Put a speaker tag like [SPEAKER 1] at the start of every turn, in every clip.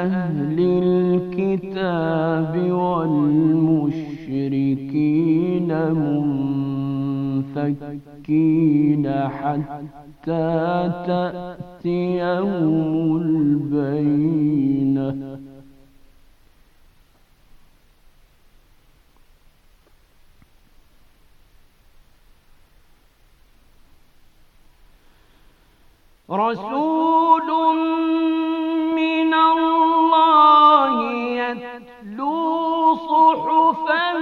[SPEAKER 1] أهل الكتاب والمشركين منفكين حتى تأتي البينة رسول صحفا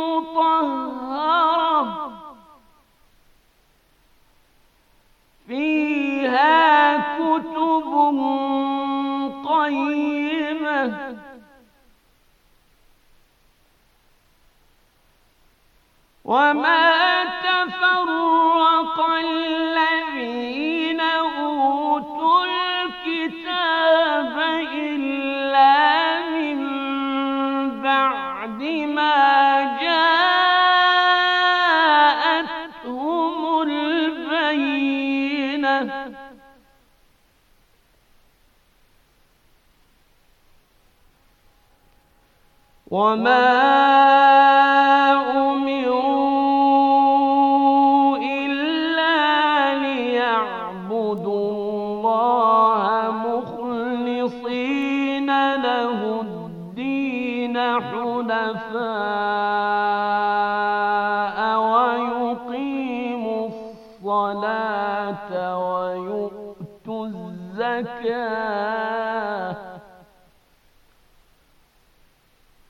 [SPEAKER 1] مطهرة
[SPEAKER 2] فيها كتب قيمة
[SPEAKER 1] وما تفرق الذين وما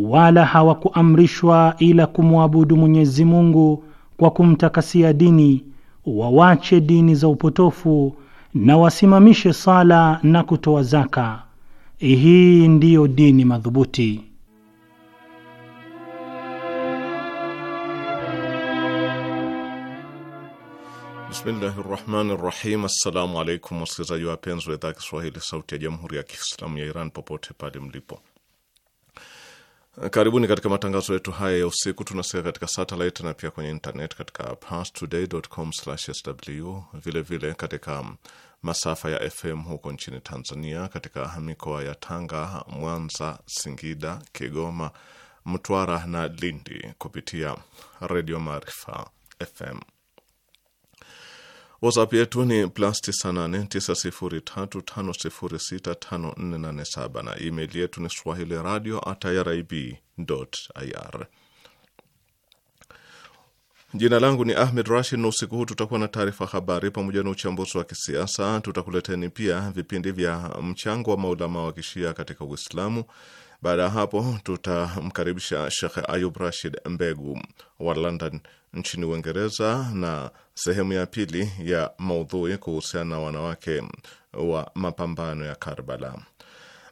[SPEAKER 3] wala hawakuamrishwa ila kumwabudu Mwenyezi Mungu kwa kumtakasia dini, wawache dini za upotofu na wasimamishe sala na kutoa zaka. Hii ndiyo dini madhubuti.
[SPEAKER 4] Bismillahi rahmani rahim. Assalamu alaikum wasikilizaji wapenzi wa idhaa Kiswahili sauti ya jamhuri ya Kiislamu ya Iran popote pale mlipo Karibuni katika matangazo yetu haya ya usiku. Tunasikia katika satellite na pia kwenye internet katika parstoday.com/sw, vile vile katika masafa ya FM huko nchini Tanzania, katika mikoa ya Tanga, Mwanza, Singida, Kigoma, Mtwara na Lindi kupitia redio Maarifa FM. WhatsApp yetu ni plus 989035065487 na email yetu ni swahili radio at irib ir. Jina langu ni Ahmed Rashid, na usiku huu tutakuwa na taarifa habari pamoja na uchambuzi wa kisiasa. Tutakuleteni pia vipindi vya mchango wa maulama wa kishia katika Uislamu. Baada ya hapo, tutamkaribisha shekhe Ayub Rashid Mbegu wa London nchini Uingereza na sehemu ya pili ya maudhui kuhusiana na wanawake wa mapambano ya Karbala.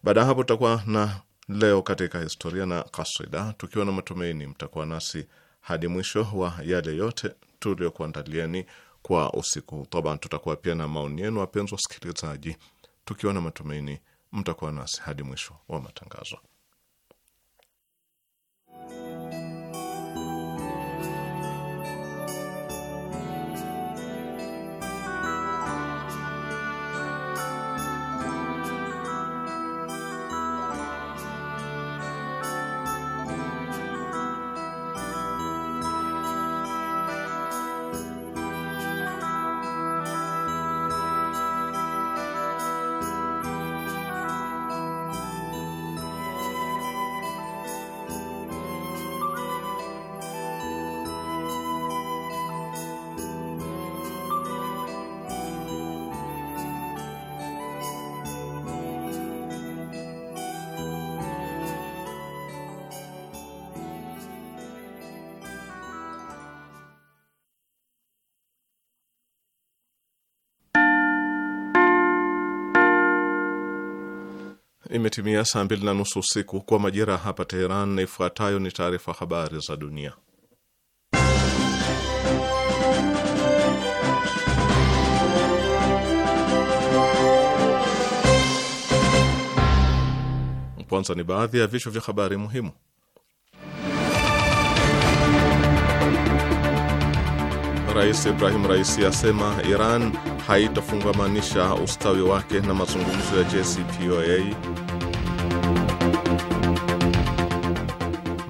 [SPEAKER 4] Baada ya hapo, tutakuwa na leo katika historia na kaswida tukiwa na matumaini mtakuwa nasi hadi mwisho wa yale yote tuliyokuandalieni kwa usiku toba. Tutakuwa pia na maoni yenu, wapenzi wasikilizaji, tukiwa na matumaini mtakuwa nasi hadi mwisho wa matangazo. imetimia saa mbili na nusu usiku kwa majira ya hapa Teheran, na ifuatayo ni taarifa habari za dunia. Kwanza ni baadhi ya vichwa vya habari muhimu. Rais Ibrahim Raisi asema Iran haitafungamanisha ustawi wake na mazungumzo ya JCPOA.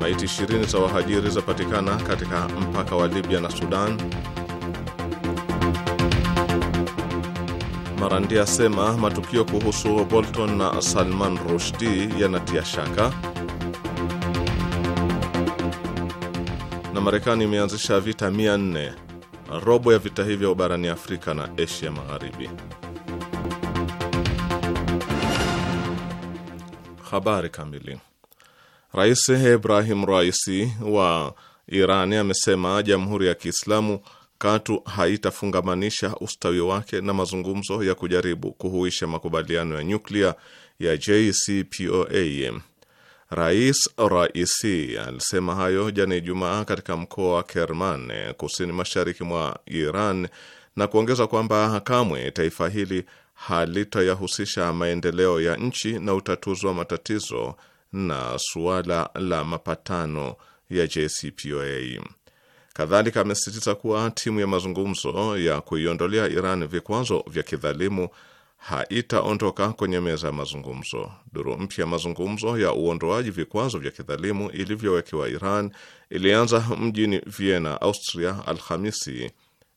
[SPEAKER 4] Maiti 20 za wahajiri zapatikana katika mpaka wa Libya na Sudan. Marandi asema matukio kuhusu Bolton na Salman Rushdie yanatia shaka. Na Marekani imeanzisha vita 400, robo ya vita hivyo barani Afrika na Asia Magharibi. Habari kamili Rais Ibrahim Raisi wa Iran amesema Jamhuri ya Kiislamu katu haitafungamanisha ustawi wake na mazungumzo ya kujaribu kuhuisha makubaliano ya nyuklia ya JCPOA. Rais Raisi alisema hayo jana Ijumaa katika mkoa wa Kerman kusini mashariki mwa Iran na kuongeza kwamba kamwe taifa hili halitayahusisha maendeleo ya nchi na utatuzi wa matatizo na suala la mapatano ya JCPOA. Kadhalika amesisitiza kuwa timu ya mazungumzo ya kuiondolea Iran vikwazo vya kidhalimu haitaondoka kwenye meza ya mazungumzo. Duru mpya ya mazungumzo ya uondoaji vikwazo vya kidhalimu ilivyowekewa Iran ilianza mjini Vienna, Austria, Alhamisi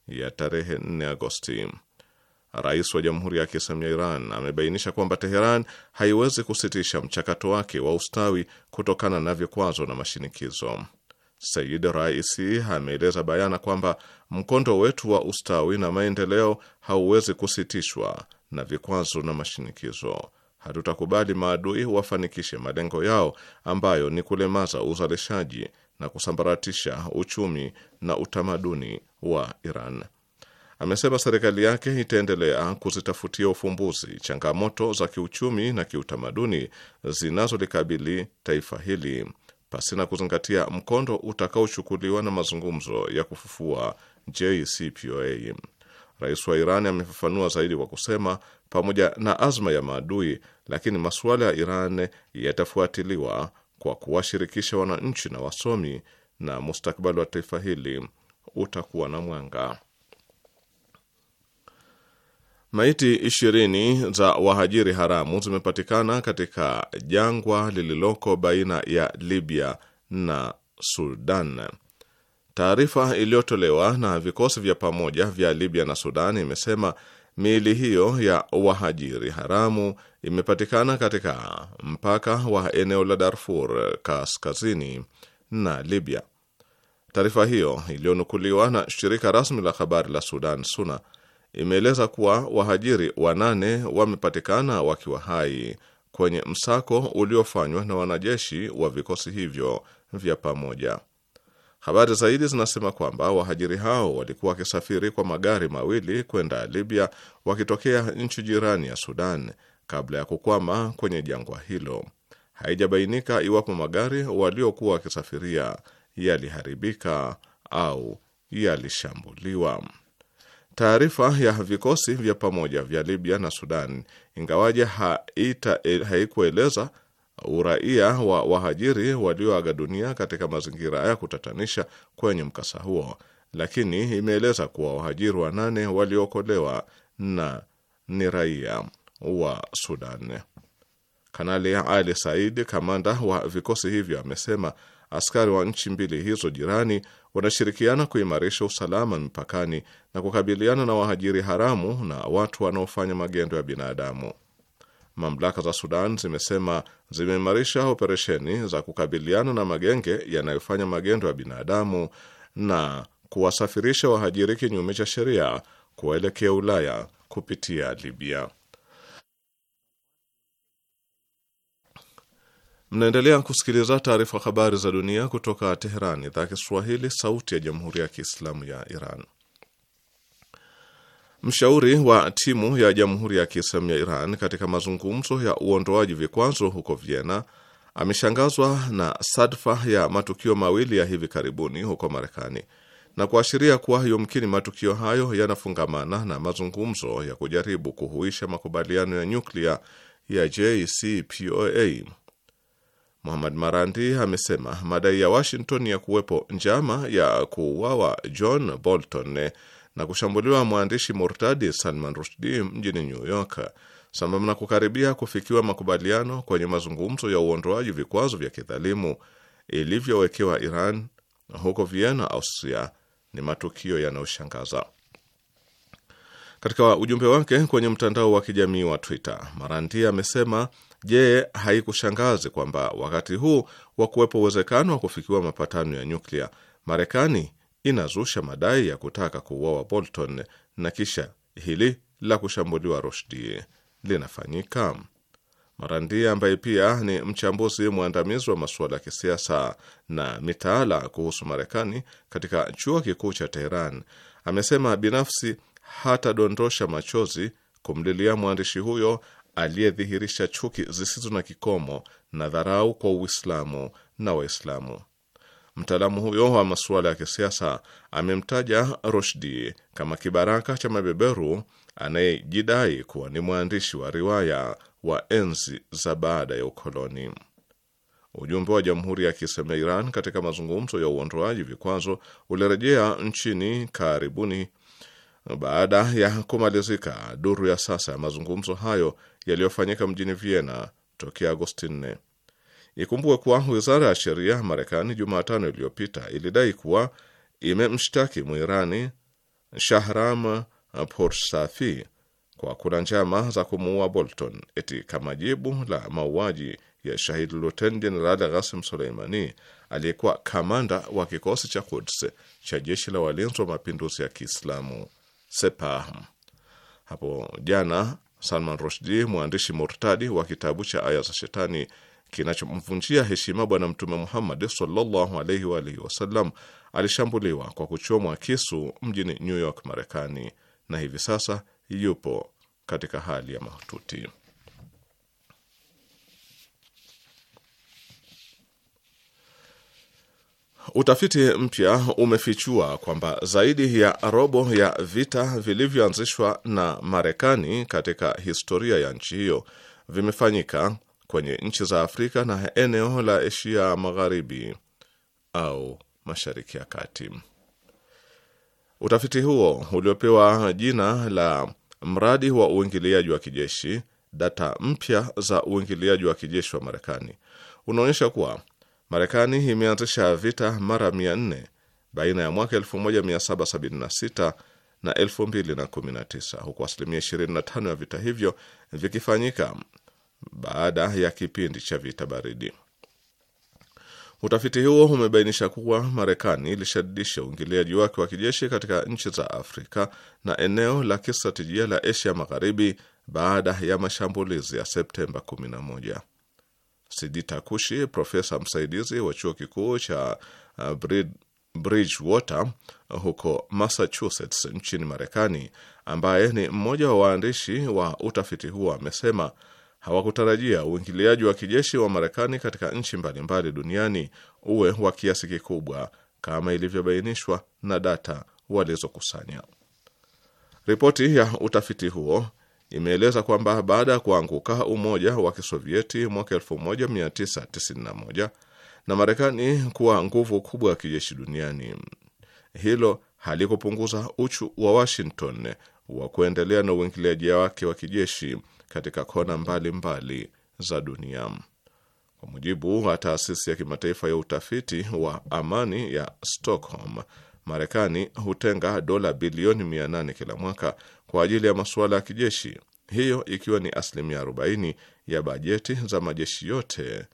[SPEAKER 4] ya tarehe 4 Agosti. Rais wa Jamhuri ya Kiislamu ya Iran amebainisha kwamba Teheran haiwezi kusitisha mchakato wake wa ustawi kutokana na vikwazo na mashinikizo. Sayid Raisi ameeleza bayana kwamba mkondo wetu wa ustawi na maendeleo hauwezi kusitishwa na vikwazo na mashinikizo. Hatutakubali maadui wafanikishe malengo yao ambayo ni kulemaza uzalishaji na kusambaratisha uchumi na utamaduni wa Iran. Amesema serikali yake itaendelea kuzitafutia ufumbuzi changamoto za kiuchumi na kiutamaduni zinazolikabili taifa hili pasina kuzingatia mkondo utakaochukuliwa na mazungumzo ya kufufua JCPOA. Rais wa Iran amefafanua zaidi kwa kusema, pamoja na azma ya maadui, lakini masuala ya Iran yatafuatiliwa kwa kuwashirikisha wananchi na wasomi, na mustakabali wa taifa hili utakuwa na mwanga. Maiti ishirini za wahajiri haramu zimepatikana katika jangwa lililoko baina ya Libya na Sudan. Taarifa iliyotolewa na vikosi vya pamoja vya Libya na Sudan imesema miili hiyo ya wahajiri haramu imepatikana katika mpaka wa eneo la Darfur kaskazini na Libya. Taarifa hiyo iliyonukuliwa na shirika rasmi la habari la Sudan SUNA imeeleza kuwa wahajiri wanane wamepatikana wakiwa hai kwenye msako uliofanywa na wanajeshi wa vikosi hivyo vya pamoja. Habari zaidi zinasema kwamba wahajiri hao walikuwa wakisafiri kwa magari mawili kwenda Libya wakitokea nchi jirani ya Sudan kabla ya kukwama kwenye jangwa hilo. Haijabainika iwapo magari waliokuwa wakisafiria yaliharibika au yalishambuliwa. Taarifa ya vikosi vya pamoja vya Libya na Sudan, ingawaje haikueleza uraia wa wahajiri walioaga dunia katika mazingira ya kutatanisha kwenye mkasa huo, lakini imeeleza kuwa wahajiri wanane waliokolewa na ni raia wa Sudan. Kanali Ali Said, kamanda wa vikosi hivyo, amesema askari wa nchi mbili hizo jirani wanashirikiana kuimarisha usalama mipakani na kukabiliana na wahajiri haramu na watu wanaofanya magendo ya binadamu. Mamlaka za Sudan zimesema zimeimarisha operesheni za kukabiliana na magenge yanayofanya magendo ya binadamu na kuwasafirisha wahajiri kinyume cha sheria kuwaelekea Ulaya kupitia Libya. Mnaendelea kusikiliza taarifa habari za dunia kutoka Teherani, idhaa Kiswahili, sauti ya jamhuri ya kiislamu ya Iran. Mshauri wa timu ya jamhuri ya kiislamu ya Iran katika mazungumzo ya uondoaji vikwazo huko Vienna ameshangazwa na sadfa ya matukio mawili ya hivi karibuni huko Marekani na kuashiria kuwa yumkini matukio hayo yanafungamana na mazungumzo ya kujaribu kuhuisha makubaliano ya nyuklia ya JCPOA Muhamad Marandi amesema madai ya Washington ya kuwepo njama ya kuuawa John Bolton na kushambuliwa mwandishi murtadi Salman Rushdie mjini New York sambamba na kukaribia kufikiwa makubaliano kwenye mazungumzo ya uondoaji vikwazo vya kidhalimu ilivyowekewa Iran huko Vienna, Austria ni matukio yanayoshangaza. Katika ujumbe wake kwenye mtandao wa kijamii wa Twitter, Marandi amesema Je, haikushangazi kwamba wakati huu wa kuwepo uwezekano wa kufikiwa mapatano ya nyuklia, Marekani inazusha madai ya kutaka kuuawa Bolton na kisha hili la kushambuliwa Rushdie linafanyika? Marandia ambaye pia ni mchambuzi mwandamizi wa masuala ya kisiasa na mitaala kuhusu Marekani katika chuo kikuu cha Teheran amesema binafsi hatadondosha machozi kumlilia mwandishi huyo aliyedhihirisha chuki zisizo na kikomo na dharau kwa Uislamu na Waislamu. Mtaalamu huyo wa masuala ya kisiasa amemtaja Rushdi kama kibaraka cha mabeberu anayejidai kuwa ni mwandishi wa riwaya wa enzi za baada ya ukoloni. Ujumbe wa Jamhuri ya Kiislamu ya Iran katika mazungumzo ya uondoaji vikwazo ulirejea nchini karibuni baada ya kumalizika duru ya sasa ya mazungumzo hayo yaliyofanyika mjini Vienna tokea Agosti 4. Ikumbuke kuwa wizara ya sheria Marekani Jumatano iliyopita ilidai kuwa imemshtaki Mwirani Shahram Porsafi kwa kuna njama za kumuua Bolton eti kama jibu la mauaji ya shahid luten jenerali Ghasim Suleimani aliyekuwa kamanda wa kikosi cha Quds cha jeshi la walinzi wa mapinduzi ya Kiislamu Sepah. Hapo jana Salman Rushdi, mwandishi murtadi wa kitabu cha Aya za Shetani kinachomvunjia heshima Bwana Mtume Muhammad sallallahu alaihi wa alihi wasallam, alishambuliwa kwa kuchomwa kisu mjini New York, Marekani, na hivi sasa yupo katika hali ya mahututi. Utafiti mpya umefichua kwamba zaidi ya robo ya vita vilivyoanzishwa na Marekani katika historia ya nchi hiyo vimefanyika kwenye nchi za Afrika na eneo la Asia Magharibi au Mashariki ya Kati. Utafiti huo uliopewa jina la mradi wa uingiliaji wa kijeshi, data mpya za uingiliaji wa kijeshi wa Marekani, unaonyesha kuwa Marekani imeanzisha vita mara 400 baina ya mwaka 1776 na 2019 huku asilimia 25 ya vita hivyo vikifanyika baada ya kipindi cha vita baridi. Utafiti huo umebainisha kuwa Marekani ilishadidisha uingiliaji wake wa kijeshi katika nchi za Afrika na eneo la kistratejia la Asia Magharibi baada ya mashambulizi ya Septemba 11. Sidita Kushi, profesa msaidizi wa chuo kikuu cha uh, Bridgewater uh, huko Massachusetts nchini Marekani, ambaye ni mmoja wa waandishi wa utafiti huo, amesema hawakutarajia uingiliaji wa kijeshi wa Marekani katika nchi mbalimbali duniani uwe wa kiasi kikubwa kama ilivyobainishwa na data walizokusanya. Ripoti ya utafiti huo imeeleza kwamba baada ya kuanguka umoja wa Kisovieti mwaka 1991 na Marekani kuwa nguvu kubwa ya kijeshi duniani, hilo halikupunguza uchu wa Washington wa kuendelea na uingiliaji wake wa kijeshi katika kona mbalimbali mbali za dunia. Kwa mujibu wa taasisi ya kimataifa ya utafiti wa amani ya Stockholm, Marekani hutenga dola bilioni 800 kila mwaka kwa ajili ya masuala ya kijeshi, hiyo ikiwa ni asilimia 40 ya bajeti za majeshi yote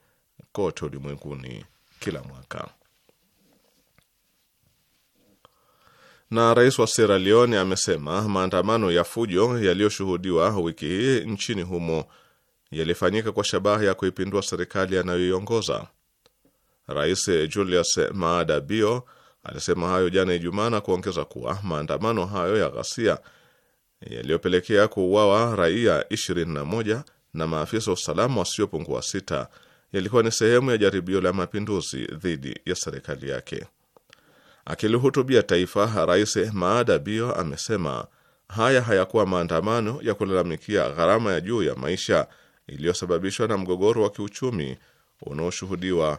[SPEAKER 4] kote ulimwenguni kila mwaka. Na rais wa Sierra Leone amesema maandamano ya fujo yaliyoshuhudiwa wiki hii nchini humo yalifanyika kwa shabaha ya kuipindua serikali anayoiongoza. Rais Julius Maada Bio Alisema hayo jana Ijumaa na kuongeza kuwa maandamano hayo ya ghasia yaliyopelekea kuuawa raia 21 na maafisa wa usalama wasiopungua sita yalikuwa ni sehemu ya jaribio la mapinduzi dhidi ya serikali yake. Akilihutubia taifa, Rais Maada Bio amesema haya hayakuwa maandamano ya kulalamikia gharama ya juu ya maisha iliyosababishwa na mgogoro wa kiuchumi unaoshuhudiwa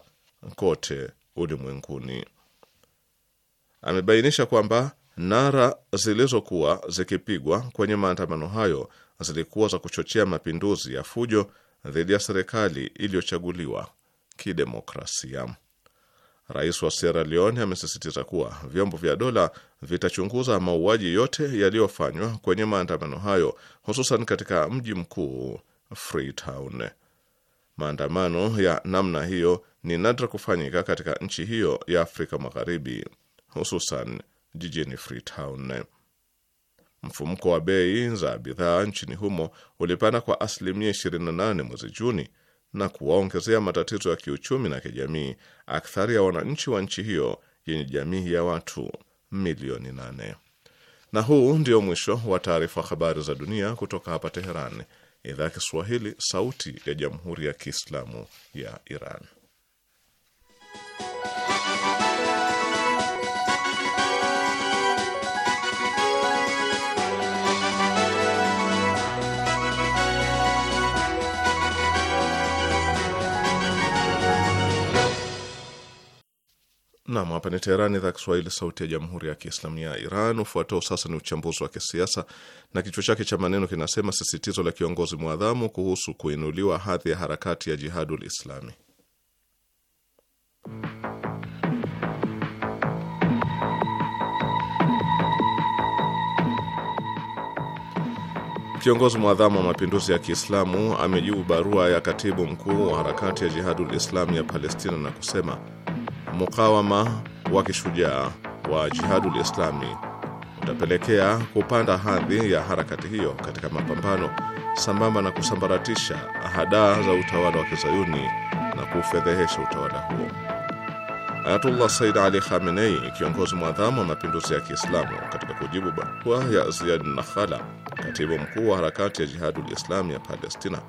[SPEAKER 4] kote ulimwenguni amebainisha kwamba nara zilizokuwa zikipigwa kwenye maandamano hayo zilikuwa za kuchochea mapinduzi ya fujo dhidi ya serikali iliyochaguliwa kidemokrasia. Rais wa Sierra Leone amesisitiza kuwa vyombo vya dola vitachunguza mauaji yote yaliyofanywa kwenye maandamano hayo, hususan katika mji mkuu Freetown. Maandamano ya namna hiyo ni nadra kufanyika katika nchi hiyo ya Afrika Magharibi hususan jijini Freetown. Mfumko wa bei za bidhaa nchini humo ulipanda kwa asilimia 28 mwezi Juni na kuwaongezea matatizo ya kiuchumi na kijamii akthari ya wananchi wa nchi hiyo yenye jamii ya watu milioni 8. Na huu ndio mwisho wa taarifa habari za dunia kutoka hapa Teheran, idhaa ya Kiswahili, sauti ya jamhuri ya kiislamu ya Iran. Nam, hapa ni Teherani, idhaa Kiswahili, sauti ya jamhuri ya kiislamu ya Iran. Ufuatao sasa ni uchambuzi wa kisiasa na kichwa chake cha maneno kinasema: sisitizo la kiongozi mwadhamu kuhusu kuinuliwa hadhi ya harakati ya Jihadul Islami. Kiongozi mwadhamu wa mapinduzi ya Kiislamu amejibu barua ya katibu mkuu wa harakati ya Jihadul Islami ya Palestina na kusema mukawama wa kishujaa wa Jihadul Islami utapelekea kupanda hadhi ya harakati hiyo katika mapambano sambamba na kusambaratisha hadaa za utawala wa kizayuni na kuufedhehesha utawala huo. Ayatullah Said Ali Khamenei, kiongozi mwadhamu wa mapinduzi ya Kiislamu, katika kujibu barua ya Ziyad Nakhala, katibu mkuu wa harakati ya Jihadul Islami ya Palestina,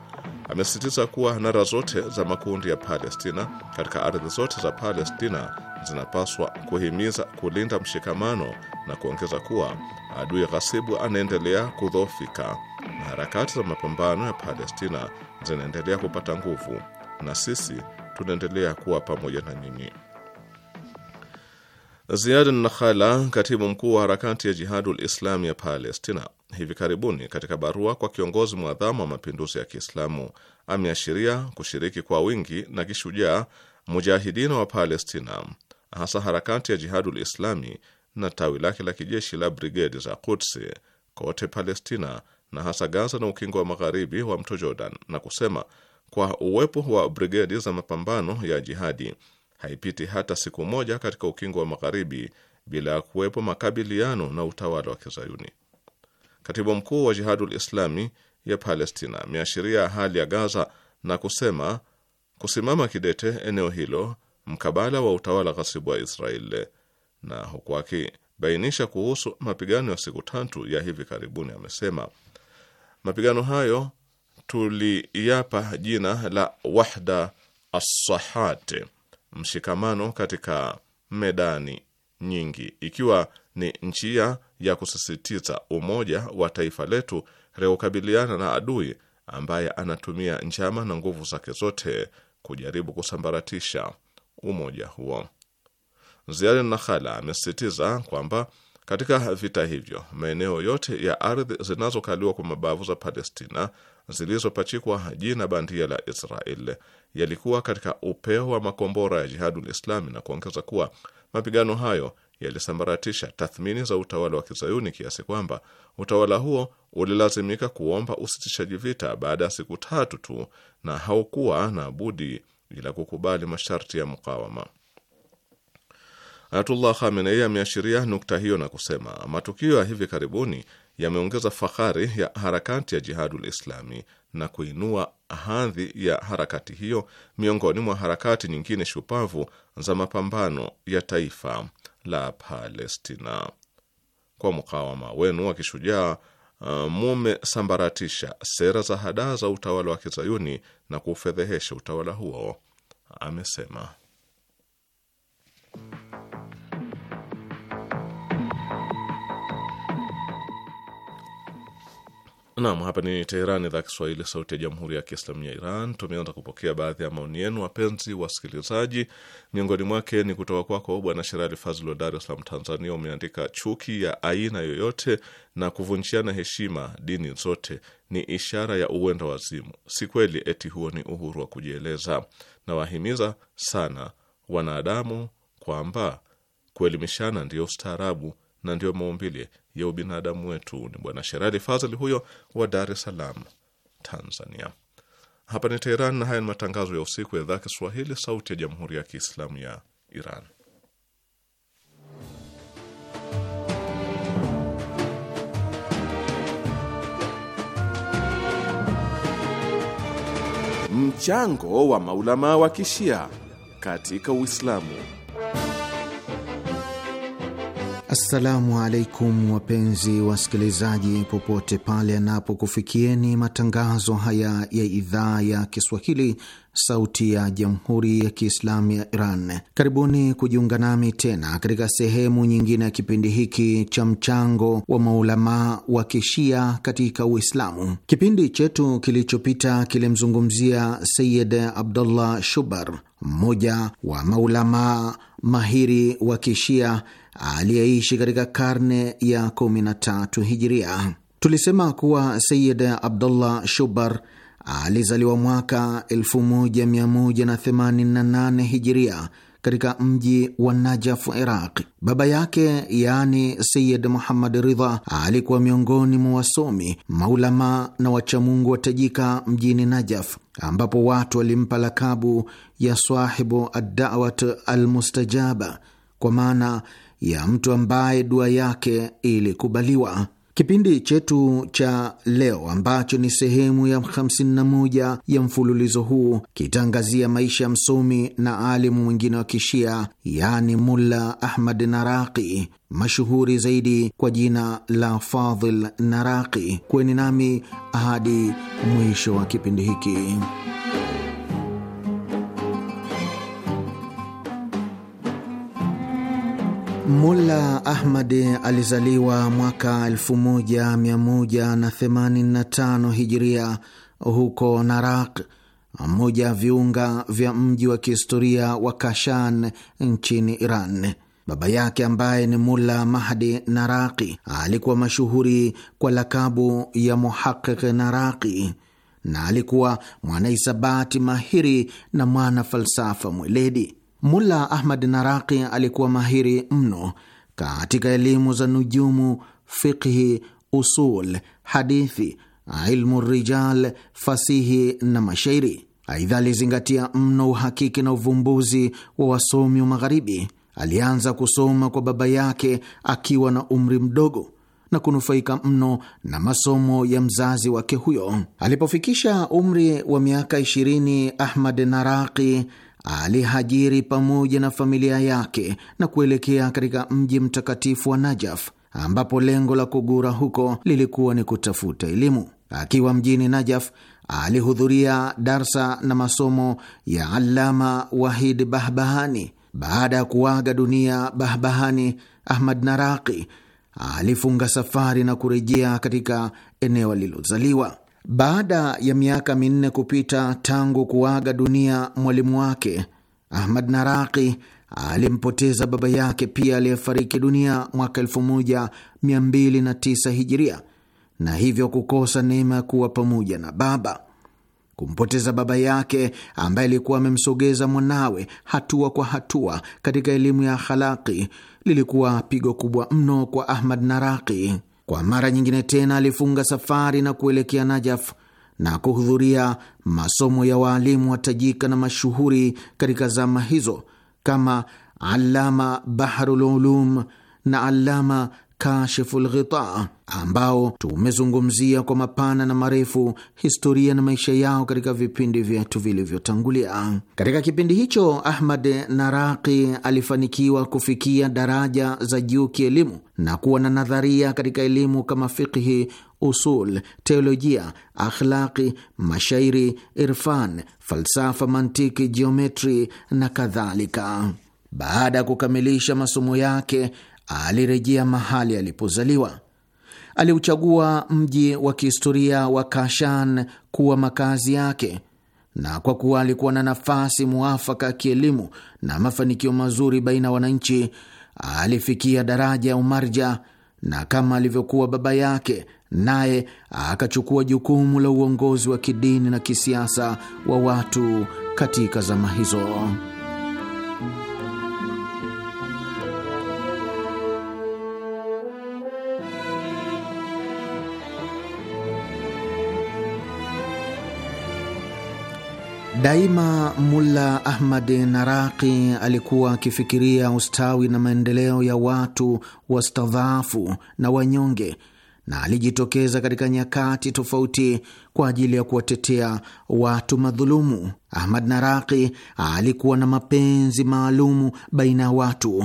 [SPEAKER 4] amesisitiza kuwa nara zote za makundi ya Palestina katika ardhi zote za Palestina zinapaswa kuhimiza kulinda mshikamano na kuongeza kuwa adui ghasibu anaendelea kudhoofika na harakati za mapambano ya Palestina zinaendelea kupata nguvu na sisi tunaendelea kuwa pamoja na nyinyi. Ziad Nakhala, katibu mkuu wa harakati ya Jihadul Islami ya Palestina, hivi karibuni katika barua kwa kiongozi mwadhamu wa mapinduzi ya Kiislamu ameashiria kushiriki kwa wingi na kishujaa mujahidina wa Palestina, hasa harakati ya Jihadul Islami na tawi lake la kijeshi la brigedi za Kutsi kote Palestina na hasa Gaza na ukingo wa magharibi wa mto Jordan, na kusema kwa uwepo wa brigedi za mapambano ya jihadi haipiti hata siku moja katika ukingo wa magharibi bila ya kuwepo makabiliano na utawala wa Kizayuni. Katibu mkuu wa Jihadul Islami ya Palestina ameashiria hali ya Gaza na kusema kusimama kidete eneo hilo mkabala wa utawala ghasibu wa Israeli, na huku akibainisha kuhusu mapigano ya siku tatu ya hivi karibuni, amesema mapigano hayo tuliyapa jina la Wahda Assahate, mshikamano katika medani nyingi, ikiwa ni njia ya kusisitiza umoja wa taifa letu katika kukabiliana na adui ambaye anatumia njama na nguvu zake zote kujaribu kusambaratisha umoja huo. Ziad Nakhala amesisitiza kwamba katika vita hivyo maeneo yote ya ardhi zinazokaliwa kwa mabavu za Palestina zilizopachikwa jina bandia la Israel yalikuwa katika upeo wa makombora ya Jihadul Islami na kuongeza kuwa mapigano hayo yalisambaratisha tathmini za utawala wa kizayuni kiasi kwamba utawala huo ulilazimika kuomba usitishaji vita baada ya siku tatu tu na haukuwa na budi ila kukubali masharti ya mukawama. Ayatullah Khamenei ameashiria nukta hiyo na kusema matukio ya hivi karibuni yameongeza fahari ya harakati ya Jihadul Islami na kuinua hadhi ya harakati hiyo miongoni mwa harakati nyingine shupavu za mapambano ya taifa la Palestina. Kwa mkawama wenu wa kishujaa uh, mumesambaratisha sera za hadaa za utawala wa kizayuni na kufedhehesha utawala huo, amesema. Naam, hapa ni Teherani, idhaa Kiswahili, sauti ya jamhuri ya kiislamu ya Iran. Tumeanza kupokea baadhi ya maoni yenu, wapenzi wasikilizaji. Miongoni mwake ni kutoka kwako Bwana Sherali Fazl wa Dar es Salaam, Tanzania. Umeandika, chuki ya aina yoyote na kuvunjiana heshima dini zote ni ishara ya uwenda wazimu. Si kweli eti huo ni uhuru wa kujieleza. Nawahimiza sana wanadamu kwamba kuelimishana ndiyo ustaarabu na ndiyo maumbili ya ubinadamu wetu. Ni Bwana Sherali Fazil huyo wa Dar es Salaam, Tanzania. Hapa ni Teheran na haya ni matangazo ya usiku ya idhaa Kiswahili, sauti ya jamhuri ya kiislamu ya Iran. Mchango wa maulama wa kishia katika Uislamu.
[SPEAKER 5] Assalamu alaikum wapenzi wasikilizaji, popote pale anapokufikieni matangazo haya ya idhaa ya Kiswahili, Sauti ya Jamhuri ya Kiislamu ya Iran. Karibuni kujiunga nami tena katika sehemu nyingine ya kipindi hiki cha mchango wa maulamaa wa kishia katika Uislamu. Kipindi chetu kilichopita kilimzungumzia Sayid Abdullah Shubar, mmoja wa maulamaa mahiri wa kishia aliyeishi katika karne ya 13 hijiria. Tulisema kuwa Sayid Abdullah Shubar alizaliwa mwaka 1188 hijiria katika mji wa Najaf, Iraq. Baba yake yaani Sayid Muhammad Ridha alikuwa miongoni mwa wasomi, maulama na wachamungu watajika mjini Najaf, ambapo watu walimpa lakabu ya swahibu adawat almustajaba, kwa maana ya mtu ambaye dua yake ilikubaliwa. Kipindi chetu cha leo ambacho ni sehemu ya 51 ya mfululizo huu kitaangazia maisha ya msomi na alimu mwingine wa Kishia, yani Mulla Ahmad Naraqi, mashuhuri zaidi kwa jina la Fadhil Naraqi. Kweni nami hadi mwisho wa kipindi hiki. Mulla Ahmad alizaliwa mwaka 1185 Hijiria huko Naraq, moja ya viunga vya mji wa kihistoria wa Kashan nchini Iran. Baba yake ambaye ni Mulla Mahdi Naraqi alikuwa mashuhuri kwa lakabu ya Muhaqiq Naraqi na alikuwa mwanahisabati mahiri na mwana falsafa mweledi. Mulla Ahmad Naraqi alikuwa mahiri mno katika elimu za nujumu, fiqhi, usul, hadithi, ilmu rijal, fasihi na mashairi. Aidha, alizingatia mno uhakiki na uvumbuzi wa wasomi wa Magharibi. Alianza kusoma kwa baba yake akiwa na umri mdogo na kunufaika mno na masomo ya mzazi wake huyo. Alipofikisha umri wa miaka ishirini, Ahmad Naraqi alihajiri pamoja na familia yake na kuelekea katika mji mtakatifu wa Najaf ambapo lengo la kugura huko lilikuwa ni kutafuta elimu. Akiwa mjini Najaf alihudhuria darsa na masomo ya Allama Wahid Bahbahani. Baada ya kuaga dunia Bahbahani, Ahmad Naraqi alifunga safari na kurejea katika eneo alilozaliwa. Baada ya miaka minne kupita tangu kuaga dunia mwalimu wake, Ahmad Naraki alimpoteza baba yake pia aliyefariki dunia mwaka 1209 Hijiria, na hivyo kukosa neema ya kuwa pamoja na baba. Kumpoteza baba yake ambaye alikuwa amemsogeza mwanawe hatua kwa hatua katika elimu ya khalaki lilikuwa pigo kubwa mno kwa Ahmad Naraki. Kwa mara nyingine tena alifunga safari na kuelekea Najaf na kuhudhuria masomo ya waalimu watajika na mashuhuri katika zama hizo kama Allama Baharululum na Allama Kashiful Ghita, ambao tumezungumzia kwa mapana na marefu historia na maisha yao katika vipindi vyetu vilivyotangulia. Katika kipindi hicho, Ahmad Naraqi alifanikiwa kufikia daraja za juu kielimu na kuwa na nadharia katika elimu kama fikhi usul, teolojia, akhlaqi, mashairi, irfan, falsafa, mantiki, geometri na kadhalika. Baada ya kukamilisha masomo yake alirejea mahali alipozaliwa. Aliuchagua mji wa kihistoria wa Kashan kuwa makazi yake, na kwa kuwa alikuwa na nafasi muafaka ya kielimu na mafanikio mazuri baina ya wananchi, alifikia daraja ya umarja, na kama alivyokuwa baba yake, naye akachukua jukumu la uongozi wa kidini na kisiasa wa watu katika zama hizo. Daima Mulla Ahmad Naraqi alikuwa akifikiria ustawi na maendeleo ya watu wastadhafu na wanyonge, na alijitokeza katika nyakati tofauti kwa ajili ya kuwatetea watu madhulumu. Ahmad Naraqi alikuwa na mapenzi maalumu baina ya watu.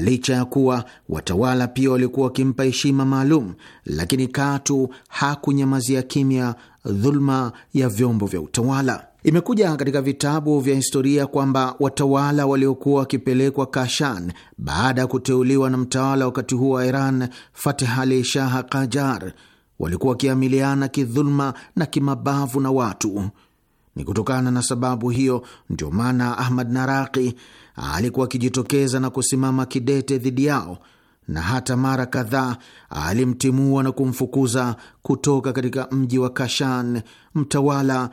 [SPEAKER 5] Licha ya kuwa watawala pia walikuwa wakimpa heshima maalum, lakini katu hakunyamazia kimya dhuluma ya vyombo vya utawala. Imekuja katika vitabu vya historia kwamba watawala waliokuwa wakipelekwa Kashan baada ya kuteuliwa na mtawala wakati huo wa Iran Fatih Ali Shah Kajar walikuwa wakiamiliana kidhuluma na kimabavu na watu. Ni kutokana na sababu hiyo ndio maana Ahmad Naraki alikuwa akijitokeza na kusimama kidete dhidi yao na hata mara kadhaa alimtimua na kumfukuza kutoka katika mji wa Kashan mtawala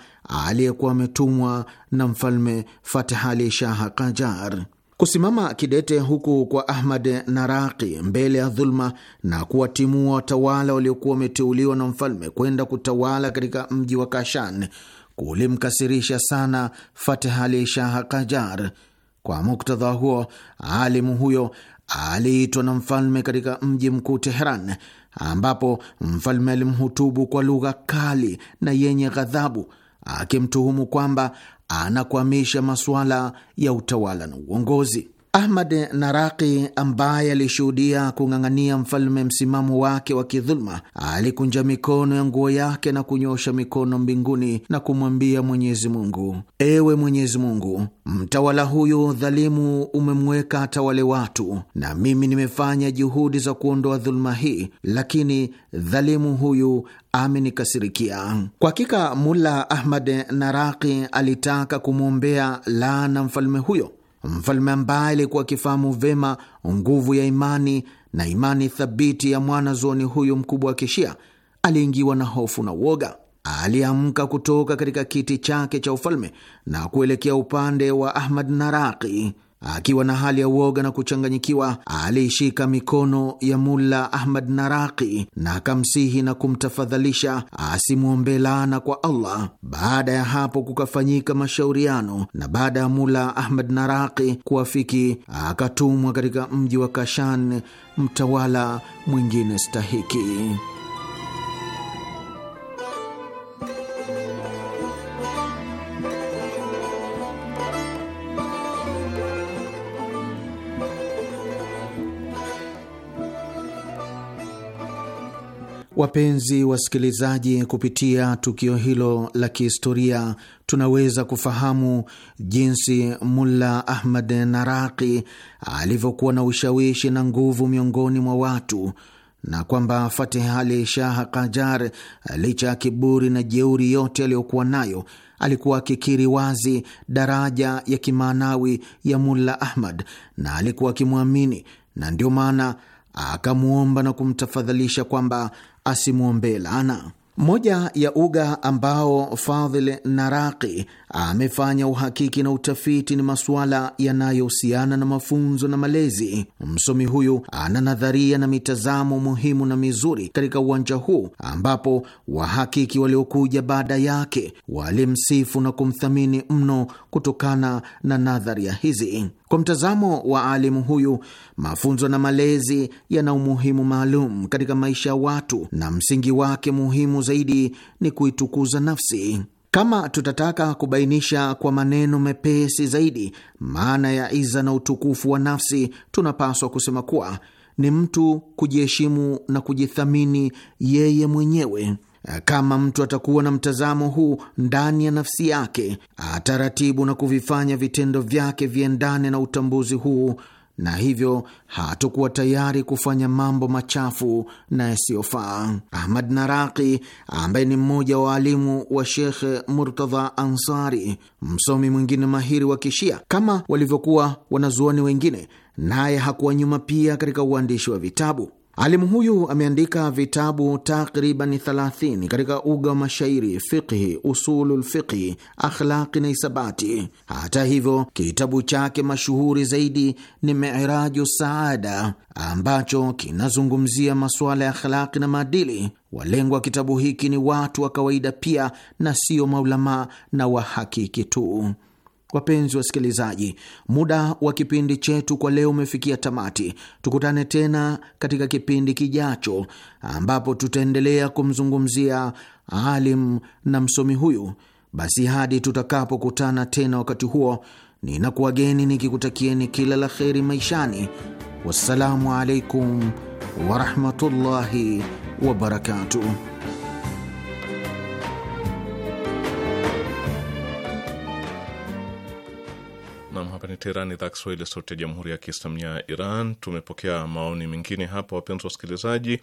[SPEAKER 5] aliyekuwa ametumwa na mfalme Fatih Shah Kajar. Kusimama kidete huku kwa Ahmad Naraki mbele ya dhuluma na kuwatimua watawala waliokuwa wameteuliwa na mfalme kwenda kutawala katika mji wa Kashan kulimkasirisha sana Fatih Shah Kajar. Kwa muktadha huo, alimu huyo aliitwa na mfalme katika mji mkuu Teheran, ambapo mfalme alimhutubu kwa lugha kali na yenye ghadhabu, akimtuhumu kwamba anakwamisha masuala ya utawala na uongozi. Ahmad Naraki ambaye alishuhudia kung'ang'ania mfalme msimamo wake wa kidhuluma, alikunja mikono ya nguo yake na kunyosha mikono mbinguni na kumwambia Mwenyezi Mungu, ewe Mwenyezi Mungu, mtawala huyu dhalimu umemweka atawale watu, na mimi nimefanya juhudi za kuondoa dhuluma hii, lakini dhalimu huyu amenikasirikia. Kwa hakika Mulla Ahmad Naraki alitaka kumwombea laana mfalme huyo mfalme ambaye alikuwa akifahamu vema nguvu ya imani na imani thabiti ya mwanazuoni huyu mkubwa wa Kishia aliingiwa na hofu na uoga. Aliamka kutoka katika kiti chake cha ufalme na kuelekea upande wa Ahmad Naraqi. Akiwa na hali ya uoga na kuchanganyikiwa, aliishika mikono ya Mulla Ahmad Naraki na akamsihi na kumtafadhalisha asimwombe laana kwa Allah. Baada ya hapo kukafanyika mashauriano, na baada ya Mulla Ahmad Naraki kuwafiki, akatumwa katika mji wa Kashan mtawala mwingine stahiki. Wapenzi wasikilizaji, kupitia tukio hilo la kihistoria tunaweza kufahamu jinsi Mulla Ahmad Naraqi alivyokuwa na ushawishi na nguvu miongoni mwa watu na kwamba Fatih Ali Shah Kajar, licha ya kiburi na jeuri yote aliyokuwa nayo, alikuwa akikiri wazi daraja ya kimaanawi ya Mulla Ahmad na alikuwa akimwamini, na ndio maana akamwomba na kumtafadhalisha kwamba asimwombee laana. Moja ya uga ambao Fadhil Naraqi amefanya uhakiki na utafiti ni masuala yanayohusiana na mafunzo na malezi. Msomi huyu ana nadharia na mitazamo muhimu na mizuri katika uwanja huu, ambapo wahakiki waliokuja baada yake walimsifu na kumthamini mno kutokana na nadharia hizi. Kwa mtazamo wa alimu huyu, mafunzo na malezi yana umuhimu maalum katika maisha ya watu, na msingi wake muhimu zaidi ni kuitukuza nafsi. Kama tutataka kubainisha kwa maneno mepesi zaidi maana ya iza na utukufu wa nafsi, tunapaswa kusema kuwa ni mtu kujiheshimu na kujithamini yeye mwenyewe. Kama mtu atakuwa na mtazamo huu ndani ya nafsi yake, ataratibu na kuvifanya vitendo vyake viendane na utambuzi huu na hivyo hatukuwa tayari kufanya mambo machafu na yasiyofaa. Ahmad Naraqi, ambaye ni mmoja wa waalimu wa Shekh Murtadha Ansari, msomi mwingine mahiri wa Kishia kama walivyokuwa wanazuoni wengine, naye hakuwa nyuma pia katika uandishi wa vitabu. Alimu huyu ameandika vitabu takriban 30 katika uga wa mashairi, fiqhi, usulul fiqhi, akhlaqi na isabati. Hata hivyo, kitabu chake mashuhuri zaidi ni Miraju Saada ambacho kinazungumzia masuala ya akhlaqi na maadili. Walengwa kitabu hiki ni watu wa kawaida pia na sio maulamaa na wahakiki tu. Wapenzi wasikilizaji, muda wa kipindi chetu kwa leo umefikia tamati. Tukutane tena katika kipindi kijacho, ambapo tutaendelea kumzungumzia alim na msomi huyu. Basi hadi tutakapokutana tena, wakati huo ninakuwageni nikikutakieni kila la kheri maishani. Wassalamu alaikum warahmatullahi wabarakatuh.
[SPEAKER 4] Hapa ni Teherani, idhaa Kiswahili, sauti ya jamhuri ya kiislamu ya Iran. Tumepokea maoni mengine hapa, wapenzi wasikilizaji.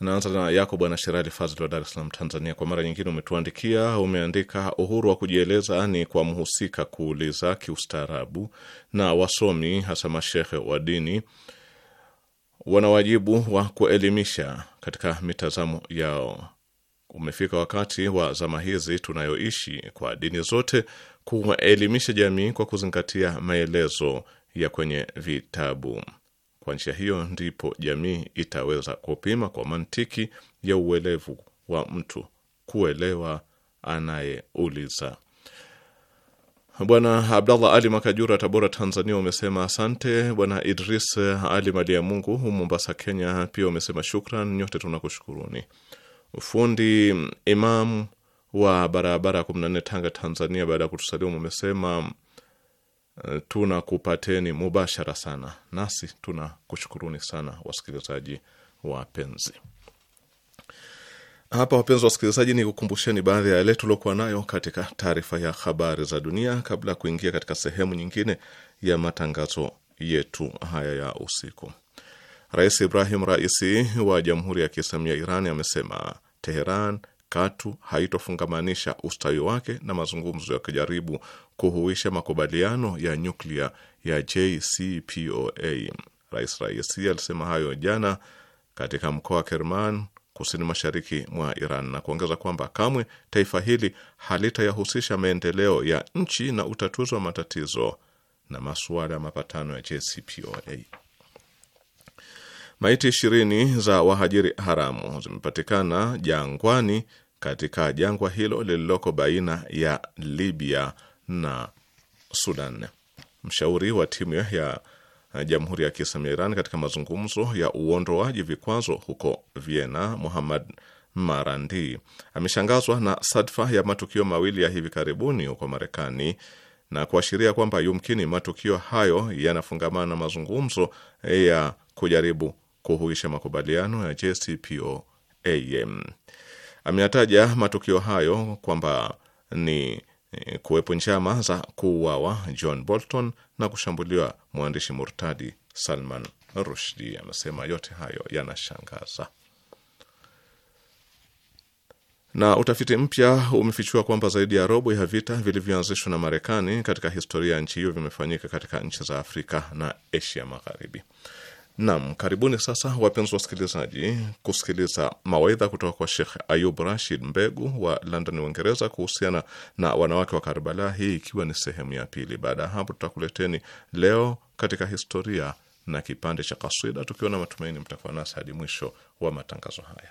[SPEAKER 4] Naanza na yako Bwana Sherali Fazli wa Dar es Salaam, Tanzania. Kwa mara nyingine umetuandikia, umeandika uhuru wa kujieleza ni kwa mhusika kuuliza kiustaarabu, na wasomi hasa mashehe wa dini wana wajibu wa kuelimisha katika mitazamo yao Umefika wakati wa zama hizi tunayoishi kwa dini zote kuwaelimisha jamii kwa kuzingatia maelezo ya kwenye vitabu. Kwa njia hiyo ndipo jamii itaweza kupima kwa mantiki ya uelevu wa mtu kuelewa anayeuliza. Bwana Abdallah Ali Makajura, Tabora, Tanzania, umesema asante. Bwana Idris Ali Mali ya Mungu Mombasa, Kenya, pia umesema shukran. Nyote tunakushukuruni. Fundi mm, Imam wa barabara 14 Tanga, Tanzania, baada ya kutusalimu umesema eh, tunakupateni mubashara sana, nasi tuna kushukuruni sana wasikilizaji wapenzi. Hapa wapenzi wasikilizaji, ni kukumbusheni baadhi ya yale tuliokuwa nayo katika taarifa ya habari za dunia kabla ya kuingia katika sehemu nyingine ya matangazo yetu haya ya usiku. Rais Ibrahim Raisi wa Jamhuri ya Kiislamu ya Iran amesema Teheran katu haitofungamanisha ustawi wake na mazungumzo yakijaribu kuhuisha makubaliano ya nyuklia ya JCPOA. Rais Raisi alisema hayo jana katika mkoa wa Kerman kusini mashariki mwa Iran na kuongeza kwamba kamwe taifa hili halitayahusisha maendeleo ya nchi na utatuzi wa matatizo na masuala ya mapatano ya JCPOA. Maiti ishirini za wahajiri haramu zimepatikana jangwani katika jangwa hilo lililoko baina ya Libya na Sudan. Mshauri wa timu ya Jamhuri ya Kiislamu Iran katika mazungumzo ya uondoaji vikwazo huko Vienna, Muhammad Marandi ameshangazwa na sadfa ya matukio mawili ya hivi karibuni huko Marekani na kuashiria kwamba yumkini matukio hayo yanafungamana na mazungumzo ya kujaribu kuhuisha makubaliano ya JCPOA. Ameyataja matukio hayo kwamba ni eh, kuwepo njama za kuuawa John Bolton na kushambuliwa mwandishi murtadi Salman rushdi Amesema yote hayo yanashangaza. Na utafiti mpya umefichua kwamba zaidi ya robo ya vita vilivyoanzishwa na Marekani katika historia ya nchi hiyo vimefanyika katika nchi za Afrika na Asia Magharibi. Naam, karibuni sasa wapenzi wasikilizaji, kusikiliza mawaidha kutoka kwa Sheikh Ayub Rashid Mbegu wa London, Uingereza, kuhusiana na wanawake wa Karbala, hii ikiwa ni sehemu ya pili. Baada ya hapo, tutakuleteni leo katika historia na kipande cha kaswida, tukiwa na matumaini mtakuwa nasi hadi mwisho wa matangazo haya.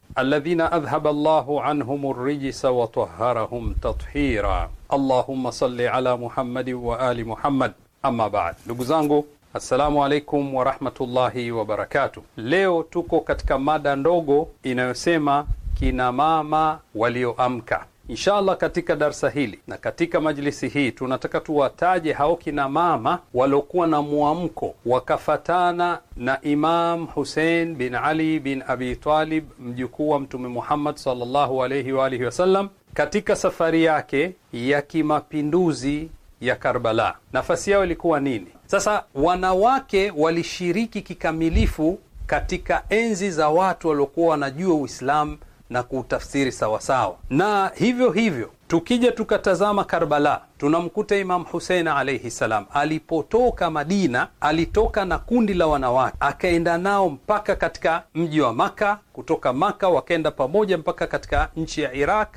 [SPEAKER 2] alladhina adhhaba Allahu anhum rijsa wa tathira. Allahumma salli ala Muhammadin wa ali Muhammad. Amma baad, ndugu zangu, assalamu alaikum wa rahmatullahi wa Leo tuko katika mada ndogo inayosema kina mama walioamka allah katika darsa hili na katika majlisi hii tunataka tuwataje hao kina mama waliokuwa na mwamko wakafatana na Imam husein bin Ali bin Abi Talib, mjukuu wa Mtume Muhammad sallallahu alayhi wa alihi wasallam, katika safari yake ya kimapinduzi ya Karbala. Nafasi yao ilikuwa nini? Sasa wanawake walishiriki kikamilifu katika enzi za watu waliokuwa wanajua Uislamu na kuutafsiri sawasawa. Na hivyo hivyo tukija tukatazama Karbala, tunamkuta Imam Husein alaihi salam alipotoka Madina, alitoka na kundi la wanawake akaenda nao mpaka katika mji wa Maka. Kutoka Maka wakaenda pamoja mpaka katika nchi ya Iraq.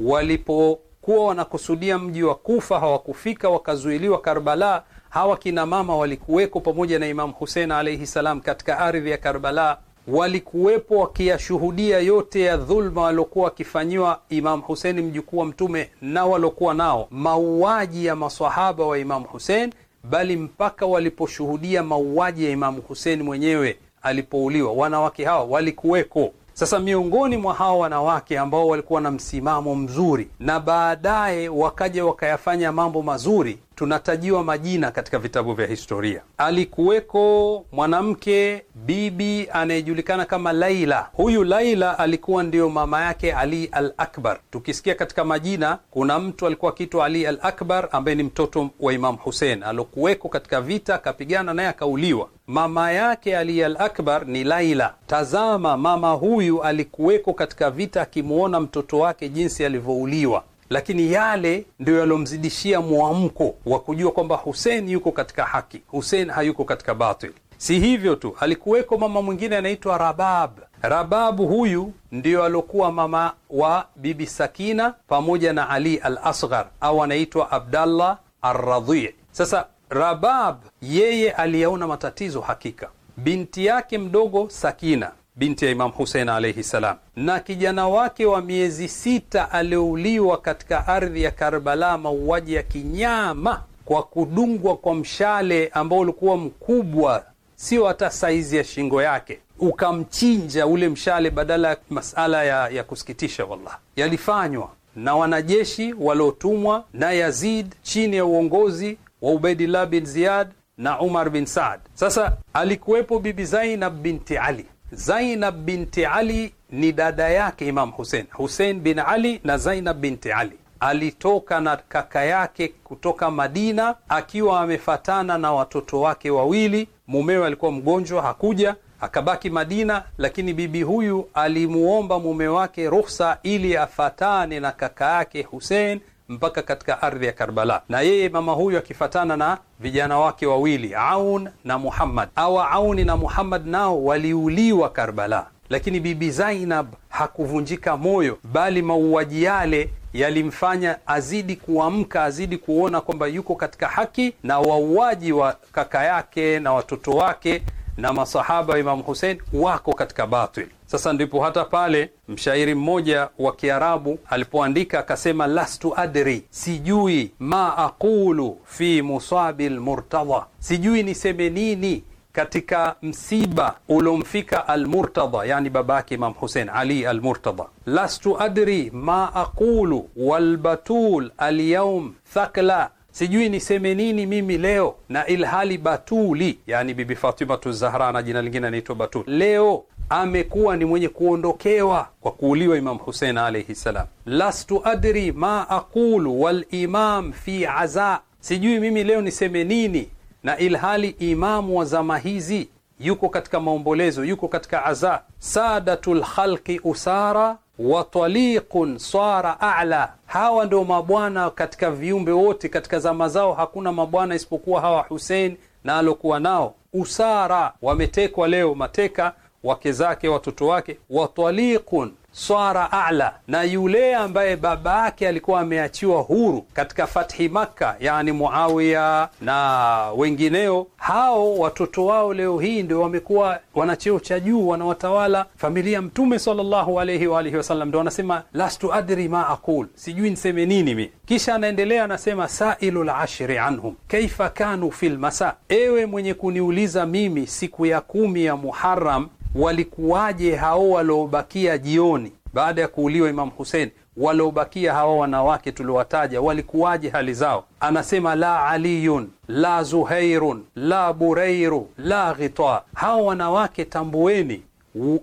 [SPEAKER 2] Walipokuwa wanakusudia mji wa Kufa hawakufika, wakazuiliwa Karbala. Hawa kinamama walikuweko pamoja na Imam Husein alaihi salam katika ardhi ya Karbala walikuwepo wakiyashuhudia yote ya dhulma waliokuwa wakifanyiwa Imamu huseni mjukuu wa Mtume na waliokuwa nao, mauaji ya masahaba wa Imamu Husein, bali mpaka waliposhuhudia mauaji ya Imamu huseni mwenyewe alipouliwa, wanawake hawa walikuweko. Sasa miongoni mwa hawa wanawake ambao walikuwa na msimamo mzuri na baadaye wakaja wakayafanya mambo mazuri tunatajiwa majina katika vitabu vya historia. Alikuweko mwanamke bibi anayejulikana kama Laila. Huyu Laila alikuwa ndiyo mama yake Ali al Akbar. Tukisikia katika majina, kuna mtu alikuwa akiitwa Ali al Akbar ambaye ni mtoto wa Imam husen alokuweko katika vita, akapigana naye akauliwa. Mama yake Ali al Akbar ni Laila. Tazama, mama huyu alikuweko katika vita, akimwona mtoto wake jinsi alivyouliwa lakini yale ndio yalomzidishia mwamko wa kujua kwamba husen yuko katika haki, husen hayuko katika batil. Si hivyo tu, alikuweko mama mwingine anaitwa Rabab. Rababu huyu ndiyo aliokuwa mama wa Bibi Sakina pamoja na Ali al Asghar, au anaitwa Abdallah Arradhi. Sasa Rabab yeye aliyaona matatizo hakika, binti yake mdogo Sakina binti ya Imam Husein alaihi salam, na kijana wake wa miezi sita aliouliwa katika ardhi ya Karbala, mauaji ya kinyama kwa kudungwa kwa mshale ambao ulikuwa mkubwa, sio hata saizi ya shingo yake, ukamchinja ule mshale. Badala ya masala ya, ya kusikitisha, wallah, yalifanywa na wanajeshi waliotumwa na Yazid chini ya uongozi wa Ubaidillah bin Ziyad na Umar bin Saad. Sasa alikuwepo Bibi Zainab binti Ali Zainab binti Ali ni dada yake Imam Hussein, Hussein bin Ali na Zainab binti Ali alitoka na kaka yake kutoka Madina akiwa amefatana na watoto wake wawili. Mumewe alikuwa mgonjwa, hakuja akabaki Madina, lakini bibi huyu alimuomba mume wake ruhusa ili afatane na kaka yake Hussein mpaka katika ardhi ya Karbala, na yeye mama huyu akifatana na vijana wake wawili Aun na Muhammad. Awa Auni na Muhammad nao waliuliwa Karbala, lakini Bibi Zainab hakuvunjika moyo, bali mauaji yale yalimfanya azidi kuamka, azidi kuona kwamba yuko katika haki, na wauaji wa kaka yake na watoto wake na masahaba wa Imamu Husein wako katika batili. Sasa ndipo hata pale mshairi mmoja wa Kiarabu alipoandika akasema, lastu adri, sijui ma aqulu fi musabi lmurtada, sijui niseme nini katika msiba ulomfika Almurtada, yani baba yake Imam Husein Ali Almurtada. Lastu adri ma aqulu walbatul alyaum thakla, sijui niseme nini mimi leo na ilhali batuli, yani Bibi Fatimatu Zahra na jina lingine anaitwa Batul, leo amekuwa ni mwenye kuondokewa kwa kuuliwa Imam Husein alaihi ssalam. Lastu adri ma aqulu walimam fi aza, sijui mimi leo niseme nini, na ilhali imamu wa zama hizi yuko katika maombolezo, yuko katika aza. Sadatu lkhalqi usara wa taliqun sara ala, hawa ndio mabwana katika viumbe wote. Katika zama zao hakuna mabwana isipokuwa hawa Husein na alokuwa nao usara, wametekwa leo mateka wake zake, watoto wake. watalikun swara ala, na yule ambaye baba yake alikuwa ameachiwa huru katika fathi Makka, yani Muawiya na wengineo, hao watoto wao leo hii ndio wamekuwa wana cheo cha juu, wanawatawala familia Mtume sallallahu alayhi wa alihi wasallam, ndio wanasema lastu adri ma aqul, sijui niseme nini mi. Kisha anaendelea anasema, sailu lashri anhum kaifa kanu fi lmasa, ewe mwenye kuniuliza mimi siku ya kumi ya Muharram walikuwaje hao waliobakia jioni baada ya kuuliwa Imam Husein, waliobakia hawa wanawake tuliwataja walikuwaje hali zao? Anasema la aliyun la zuhairun la bureiru la ghita. Hawa wanawake tambueni,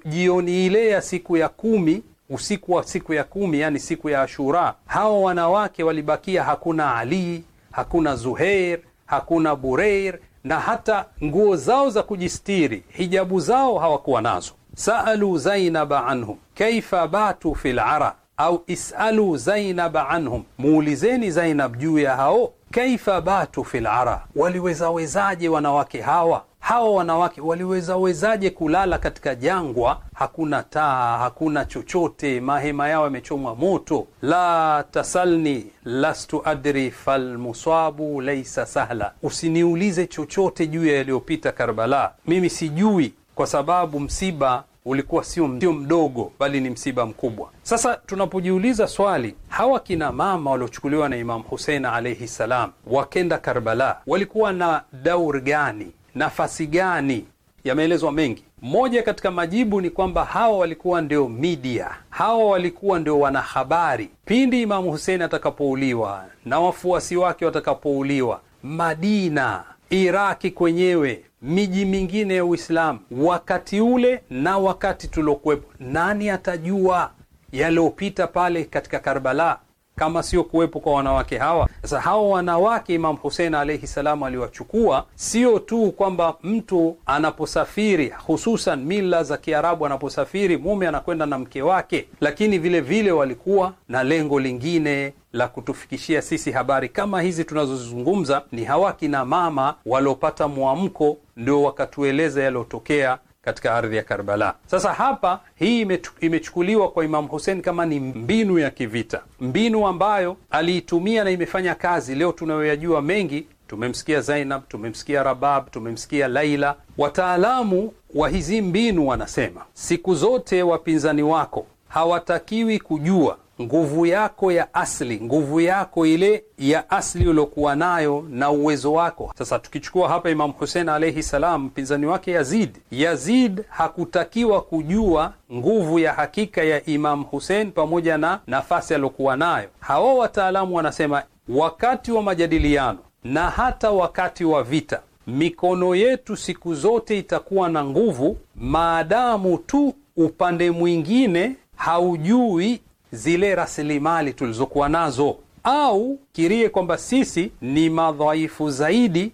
[SPEAKER 2] jioni ile ya siku ya kumi, usiku wa siku ya kumi, yani siku ya Ashura, hawa wanawake walibakia, hakuna Ali, hakuna Zuhair, hakuna Bureir, na hata nguo zao za kujistiri hijabu zao hawakuwa nazo. Saalu Zainaba anhum kaifa batu fi lara au isalu Zainaba anhum, muulizeni Zainab juu ya hao kaifa batu fi lara, waliwezawezaje wanawake hawa hawa wanawake waliwezawezaje kulala katika jangwa? Hakuna taa, hakuna chochote, mahema yao yamechomwa moto. La tasalni lastu adri falmusabu laisa sahla, usiniulize chochote juu ya yaliyopita Karbala, mimi sijui, kwa sababu msiba ulikuwa sio mdogo, bali ni msiba mkubwa. Sasa tunapojiuliza swali, hawa kina mama waliochukuliwa na Imamu Husein alaihi salam wakenda Karbala walikuwa na dauri gani? nafasi gani? Yameelezwa mengi. Moja katika majibu ni kwamba hawa walikuwa ndio media, hawa walikuwa ndio wanahabari. Pindi Imamu Husein atakapouliwa na wafuasi wake watakapouliwa, Madina, Iraki kwenyewe, miji mingine ya Uislamu wakati ule na wakati tuliokuwepo, nani atajua yaliyopita pale katika Karbala? kama sio kuwepo kwa wanawake hawa. Sasa hawa wanawake Imam Husein alaihi salam aliwachukua, sio tu kwamba mtu anaposafiri, hususan mila za Kiarabu, anaposafiri mume anakwenda na mke wake, lakini vile vile walikuwa na lengo lingine la kutufikishia sisi habari kama hizi tunazozizungumza. Ni hawa kina mama waliopata mwamko, ndio wakatueleza yaliyotokea katika ardhi ya Karbala. Sasa hapa hii imechukuliwa kwa Imamu Hussein kama ni mbinu ya kivita, mbinu ambayo aliitumia na imefanya kazi. Leo tunayoyajua mengi, tumemsikia Zainab, tumemsikia Rabab, tumemsikia Laila. Wataalamu wa hizi mbinu wanasema siku zote wapinzani wako hawatakiwi kujua nguvu yako ya asili, nguvu yako ile ya asili uliokuwa nayo na uwezo wako. Sasa tukichukua hapa Imam Husein alaihi salam, mpinzani wake Yazid. Yazid hakutakiwa kujua nguvu ya hakika ya Imam Husein pamoja na nafasi aliokuwa nayo. Hawa wataalamu wanasema wakati wa majadiliano na hata wakati wa vita, mikono yetu siku zote itakuwa na nguvu maadamu tu upande mwingine haujui zile rasilimali tulizokuwa nazo, au kirie kwamba sisi ni madhaifu zaidi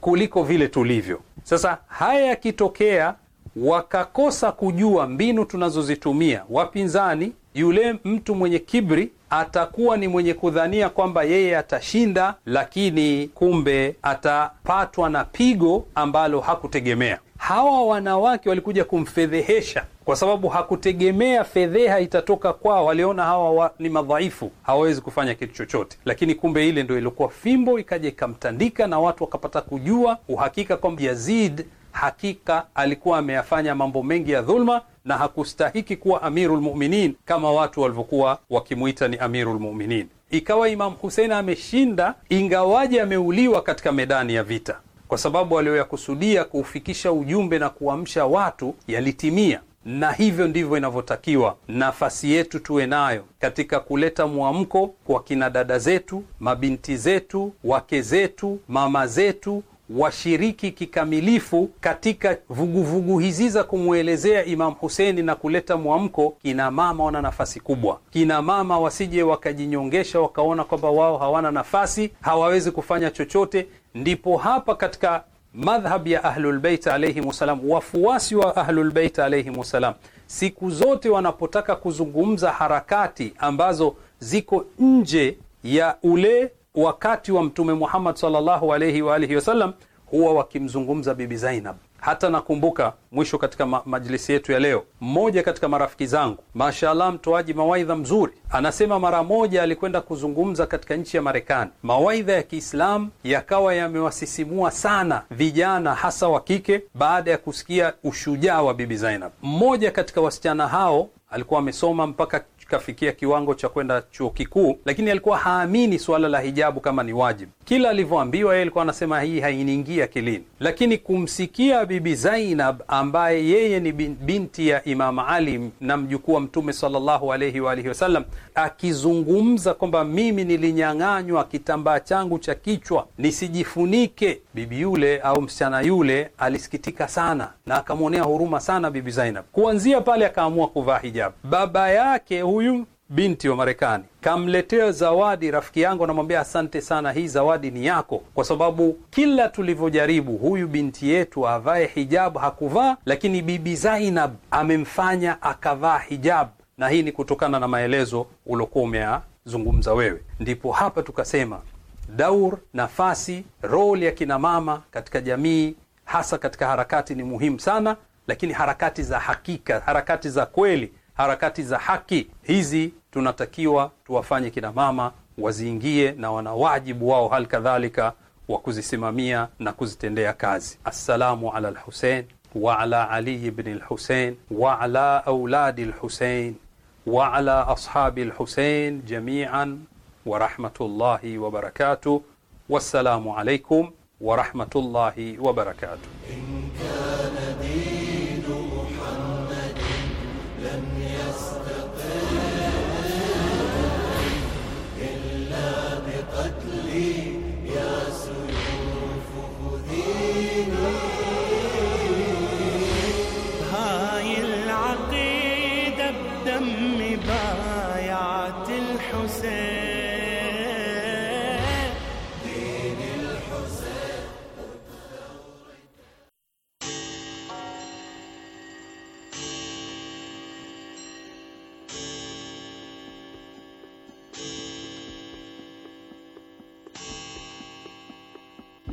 [SPEAKER 2] kuliko vile tulivyo. Sasa haya yakitokea, wakakosa kujua mbinu tunazozitumia wapinzani, yule mtu mwenye kibri atakuwa ni mwenye kudhania kwamba yeye atashinda, lakini kumbe atapatwa na pigo ambalo hakutegemea. Hawa wanawake walikuja kumfedhehesha kwa sababu hakutegemea fedheha itatoka kwao. Waliona hawa wa, ni madhaifu, hawawezi kufanya kitu chochote, lakini kumbe ile ndo ilikuwa fimbo, ikaja ikamtandika, na watu wakapata kujua uhakika kwamba Yazid hakika alikuwa ameyafanya mambo mengi ya dhulma na hakustahiki kuwa amiru lmuminin kama watu walivyokuwa wakimwita ni amiru lmuminin. Ikawa Imam Husein ameshinda, ingawaje ameuliwa katika medani ya vita, kwa sababu aliyoyakusudia kuufikisha ujumbe na kuamsha watu yalitimia na hivyo ndivyo inavyotakiwa. Nafasi yetu tuwe nayo katika kuleta mwamko kwa kina dada zetu, mabinti zetu, wake zetu, mama zetu washiriki kikamilifu katika vuguvugu hizi za kumwelezea Imam Huseni na kuleta mwamko. Kina mama wana nafasi kubwa. Kina mama wasije wakajinyongesha, wakaona kwamba wao hawana nafasi, hawawezi kufanya chochote. Ndipo hapa katika madhhab ya Ahlulbeit alaihim wassalam, wafuasi wa Ahlulbeit alaihim wassalam, siku zote wanapotaka kuzungumza harakati ambazo ziko nje ya ule wakati wa Mtume Muhammad sallallahu alaihi wa alihi wasallam huwa wakimzungumza Bibi Zainab. Hata nakumbuka mwisho katika ma majlisi yetu ya leo, mmoja katika marafiki zangu, mashallah, mtoaji mawaidha mzuri, anasema mara moja alikwenda kuzungumza katika nchi ya Marekani. Mawaidha ya Kiislamu yakawa yamewasisimua sana vijana, hasa wa kike, baada ya kusikia ushujaa wa Bibi Zainab. Mmoja katika wasichana hao alikuwa amesoma mpaka kafikia kiwango cha kwenda chuo kikuu, lakini alikuwa haamini suala la hijabu kama ni wajibu. Kila alivyoambiwa yeye alikuwa anasema hii hainiingia akilini, lakini kumsikia Bibi Zainab ambaye yeye ni binti ya Imam Ali na mjukuu wa Mtume sallallahu alayhi wa alihi wasallam akizungumza kwamba mimi nilinyang'anywa kitambaa changu cha kichwa nisijifunike, bibi yule au msichana yule alisikitika sana na akamwonea huruma sana Bibi Zainab. Kuanzia pale akaamua kuvaa hijabu. Baba yake huyu huyu binti wa Marekani kamletea zawadi rafiki yangu, anamwambia asante sana, hii zawadi ni yako, kwa sababu kila tulivyojaribu huyu binti yetu avae hijabu hakuvaa, lakini Bibi Zainab amemfanya akavaa hijabu, na hii ni kutokana na maelezo uliokuwa umeyazungumza wewe. Ndipo hapa tukasema daur, nafasi, roli ya kinamama katika jamii, hasa katika harakati ni muhimu sana, lakini harakati za hakika, harakati za kweli harakati za haki hizi tunatakiwa tuwafanye kina mama waziingie, na wana wajibu wao hali kadhalika wa kuzisimamia na kuzitendea kazi. Assalamu ala lhusein wa ala aliyi bni lhusein wa ala auladi lhusein wa ala ashabi lhusein jamian wa rahmatullahi Wassalamu alaikum wa rahmatullahi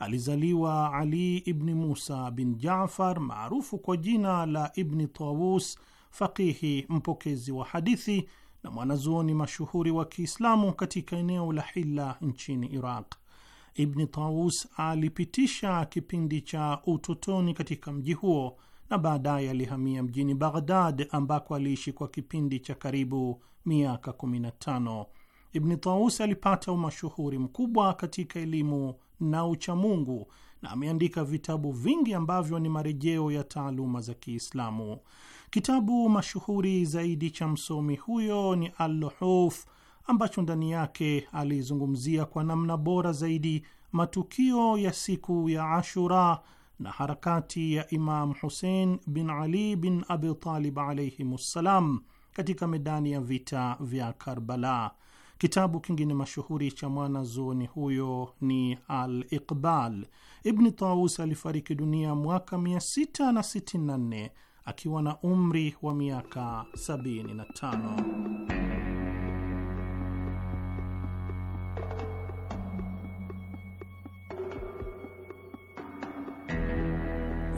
[SPEAKER 6] alizaliwa Ali ibni Musa bin Jafar maarufu kwa jina la Ibni Tawus, faqihi mpokezi wa hadithi na mwanazuoni mashuhuri wa Kiislamu katika eneo la Hilla nchini Iraq. Ibni Taus alipitisha kipindi cha utotoni katika mji huo na baadaye alihamia mjini Baghdad ambako aliishi kwa kipindi cha karibu miaka 15. Ibni Taus alipata umashuhuri mkubwa katika elimu na uchamungu na ameandika vitabu vingi ambavyo ni marejeo ya taaluma za Kiislamu. Kitabu mashuhuri zaidi cha msomi huyo ni Al-Luhuf ambacho ndani yake alizungumzia kwa namna bora zaidi matukio ya siku ya Ashura na harakati ya Imam husein bin Ali bin Abi Talib katika medani ya vita vya Karbala. Kitabu kingine mashuhuri cha mwana zuoni huyo ni Al-Iqbal. Ibn Taus alifariki dunia mwaka 664 akiwa na umri wa miaka 75.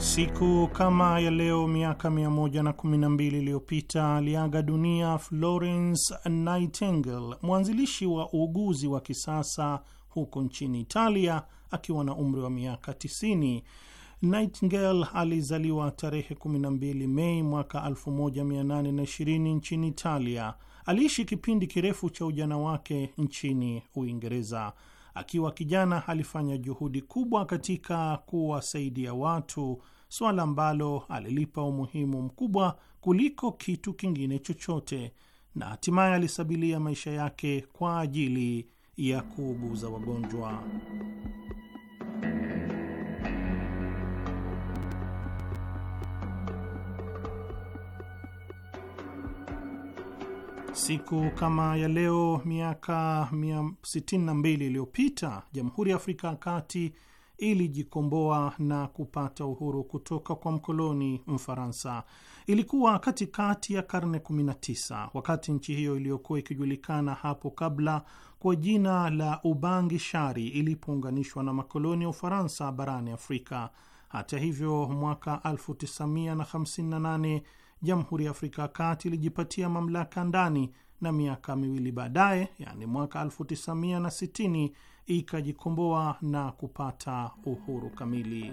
[SPEAKER 6] Siku kama ya leo miaka 112 iliyopita aliaga dunia Florence Nightingale, mwanzilishi wa uuguzi wa kisasa huko nchini Italia akiwa na umri wa miaka 90. Nightingale alizaliwa tarehe 12 Mei mwaka 1820 nchini Italia. Aliishi kipindi kirefu cha ujana wake nchini Uingereza. Akiwa kijana alifanya juhudi kubwa katika kuwasaidia watu, suala ambalo alilipa umuhimu mkubwa kuliko kitu kingine chochote, na hatimaye alisabilia maisha yake kwa ajili ya kuuguza wagonjwa. Siku kama ya leo miaka 62 iliyopita Jamhuri ya Afrika ya Kati ilijikomboa na kupata uhuru kutoka kwa mkoloni Mfaransa. Ilikuwa katikati ya karne 19 wakati nchi hiyo iliyokuwa ikijulikana hapo kabla kwa jina la Ubangi Shari ilipounganishwa na makoloni ya Ufaransa barani Afrika. Hata hivyo, mwaka 1958 Jamhuri ya Afrika ya Kati ilijipatia mamlaka ndani na miaka miwili baadaye, yani mwaka 1960 ikajikomboa na kupata uhuru kamili.